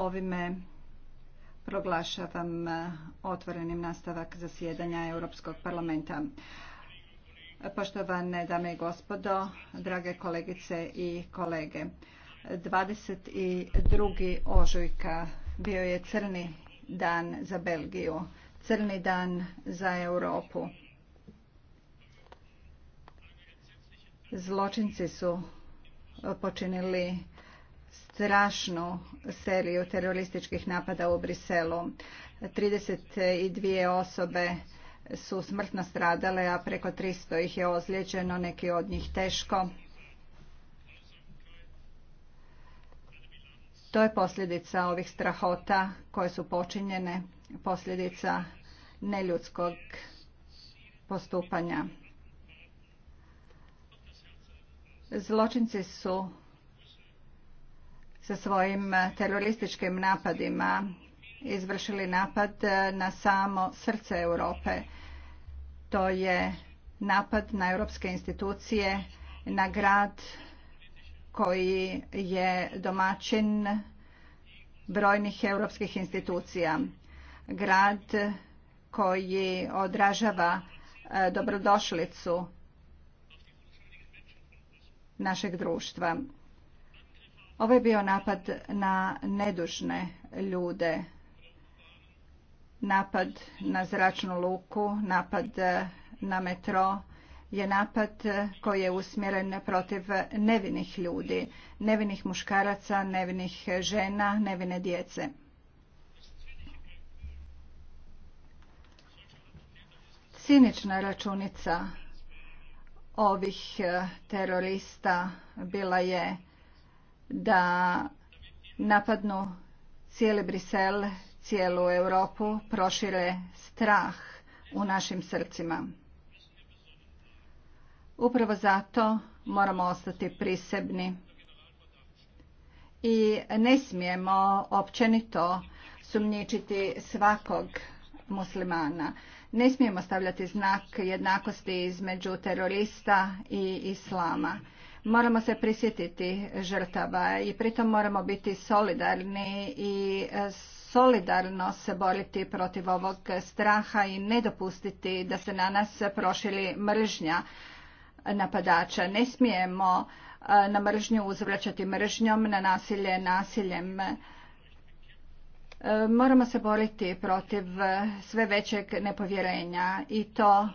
Ovime proglašavam e, otvorenim nastavak zasjedanja Europskog parlamenta. Poštovane dame i gospodo, drage kolegice i kolege. 22. ožujka bio je crni dan za Belgiju, crni dan za Europu. Zločinci su počinili strašnu seriju terorističkih napada u Briselu. 32 osobe su smrtno stradale, a preko 300 ih je ozlijeđeno, neki od njih teško. To je posljedica ovih strahota koje su počinjene, posljedica neljudskog postupanja. Zločinci su svojim terorističkim napadima izvršili napad na samo srce Europe. To je napad na europske institucije, na grad koji je domaćin brojnih europskih institucija. Grad koji odražava e, dobrodošlicu našeg društva. Ovo je bio napad na nedužne ljude, napad na zračnu luku, napad na metro je napad koji je usmjeren protiv nevinih ljudi, nevinih muškaraca, nevinih žena, nevine djece. Cinična računica ovih terorista bila je da napadnu cijeli Brisel, cijelu Europu, prošire strah u našim srcima. Upravo zato moramo ostati prisebni i ne smijemo općenito sumnjičiti svakog muslimana. Ne smijemo stavljati znak jednakosti između terorista i islama. Moramo se prisjetiti žrtava i pritom moramo biti solidarni i e, solidarno se boriti protiv ovog straha i ne dopustiti da se na nas prošili mržnja napadača. Ne smijemo e, na mržnju uzvraćati mržnjom, na nasilje nasiljem. E, moramo se boriti protiv sve većeg nepovjerenja i to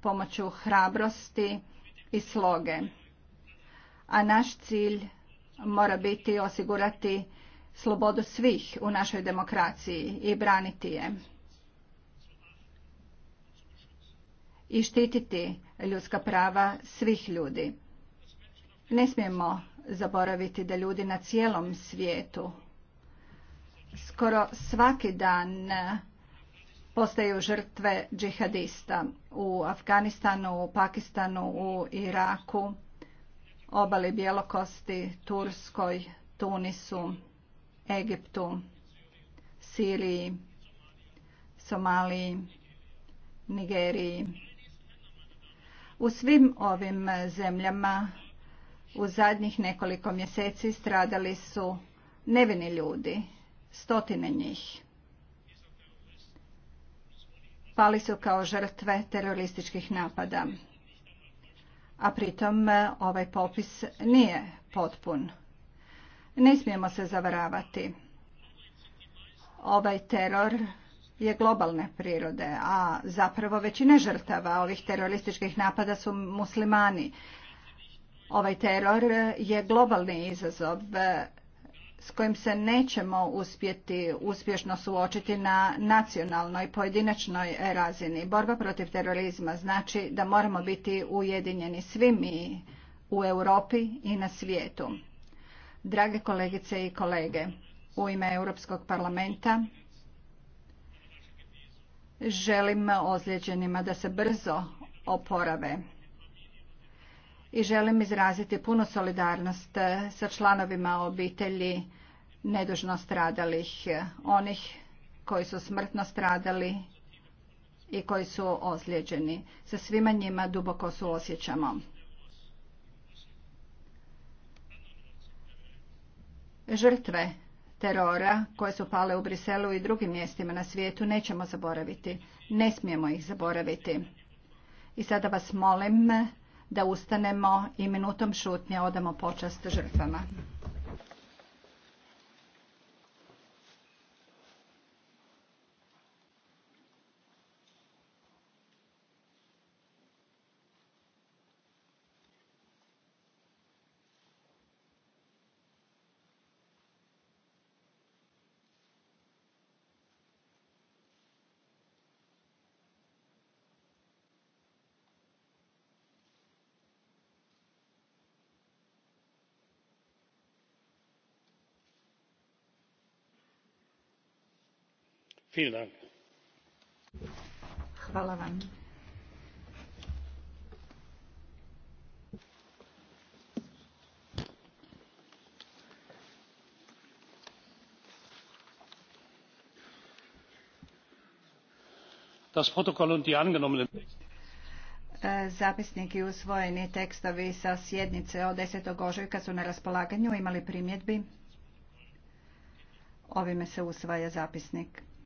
pomoću hrabrosti i sloge a naš cilj mora biti osigurati slobodu svih u našoj demokraciji i braniti je i štititi ljudska prava svih ljudi. Ne smijemo zaboraviti da ljudi na cijelom svijetu skoro svaki dan postaju žrtve džihadista u Afganistanu, u Pakistanu, u Iraku obali Bjelokosti, Turskoj, Tunisu, Egiptu, Siriji, Somaliji, Nigeriji. U svim ovim zemljama u zadnjih nekoliko mjeseci stradali su nevini ljudi, stotine njih. Pali su kao žrtve terorističkih napada a pritom e, ovaj popis nije potpun. Ne smijemo se zavaravati. Ovaj teror je globalne prirode, a zapravo većina žrtava ovih terorističkih napada su muslimani. Ovaj teror je globalni izazov s kojim se nećemo uspjeti uspješno suočiti na nacionalnoj pojedinačnoj razini. Borba protiv terorizma znači da moramo biti ujedinjeni svi mi u Europi i na svijetu. Drage kolegice i kolege, u ime Europskog parlamenta želim ozlijeđenima da se brzo oporave i želim izraziti punu solidarnost eh, sa članovima obitelji nedužno stradalih, eh, onih koji su smrtno stradali i koji su ozlijeđeni. Sa svima njima duboko suosjećamo. Žrtve terora koje su pale u Briselu i drugim mjestima na svijetu nećemo zaboraviti. Ne smijemo ih zaboraviti. I sada vas molim da ustanemo i minutom šutnje odamo počast žrtvama. Hvala vam. Das Protokoll und die angenommenen e, Zapisnik i usvojeni tekstovi sa sjednice od 10. ožujka su na raspolaganju. Imali primjedbi? Ovime se usvaja zapisnik.